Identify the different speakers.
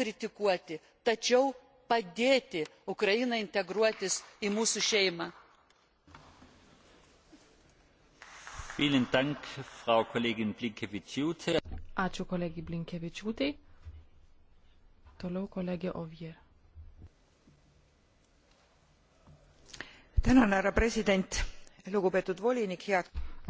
Speaker 1: nekritikuoti tačiau padėti ukrainai integruotis į
Speaker 2: mūsų šeimą.
Speaker 3: Ačiū kolegijai Blinkevičiūtei. Toliau kolegė Ovier.
Speaker 4: Tänan, härra president, lugupeetud volinik, head